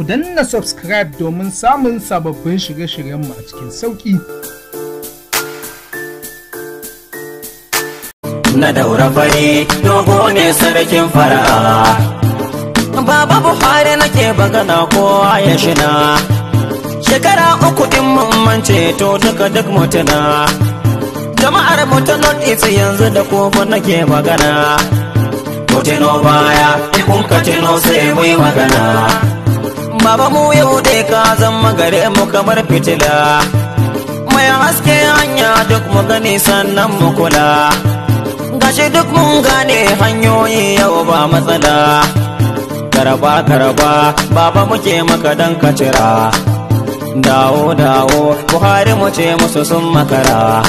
ku danna subscribe domin samun sababbin shirye-shiryenmu a cikin sauƙi. Na daura fari dogo ne sarkin fara. Baba Buhari nake bagana kowa ya shina. Shekara uku din mamance to duka duk mutuna. Jama'ar mu North yanzu da kofa nake magana. Kutino baya, kun katino sai mai magana. Baba mu yau dai ka zama gare mu kamar fitila Mai haske hanya duk mu gani sannan mu kula Gashi duk mun gane hanyoyi yau ba matsala Karaba karaba baba muke maka dan ka kacira Dawo dawo Buhari mu ce musu sun makara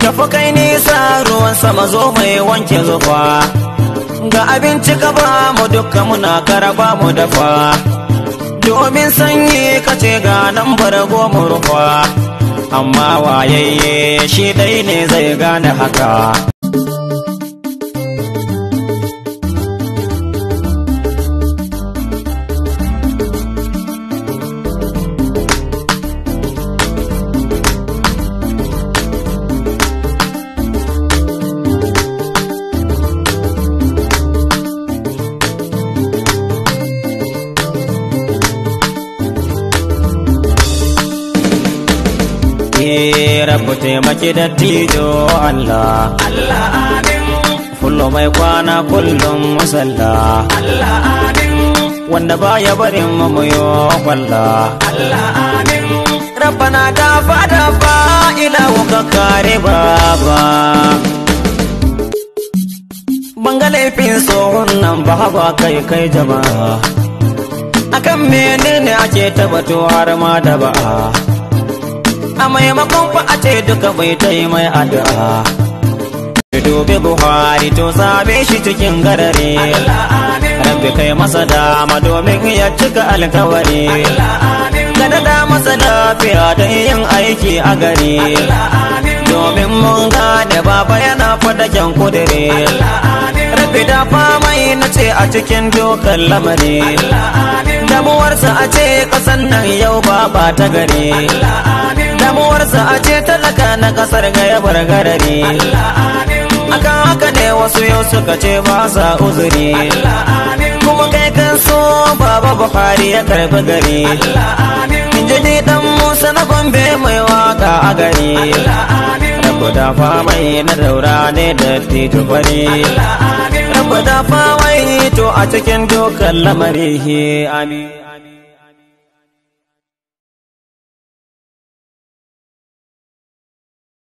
Tafi kai nisa ruwan sama zo mai wanke zufa Ga abinci ka ba mu duka muna karaba mu dafa domin sanyi ce ga nan bargo murkwa amma wayayye shi dai ne zai gane haka rabu taimaki da tijo Allah Allah amin kullum mai kwana kullum musalla Allah amin wanda baya barin y'o kwalla Allah amin rabbana da dafa ila wuka baba banga laifin tsohon nan ba ba kai kai jama'a akan menene ake tabbato har ma da ba'a a maimakon fa a ce duka bai tai mai addu'a dubi buhari to zabe shi cikin garare rabbi kai masa dama domin ya cika alkawari kada da masa lafiya don yin aiki a gari domin mun da baba yana fadaken kudure rabbi da famai na ce a cikin dokan lamari damuwarsa a ce kasan nan yau baba ta gari damuwarsa a ce talaka na kasar ga ya bar garari aka haka ne wasu yau suka ce ba sa uzuri kuma kai kan so baba buhari ya karbi gari injini dan musa na gombe mai waka a gari rabu da famai na daura ne da titi fari rabu da famai to a cikin dokan lamari amin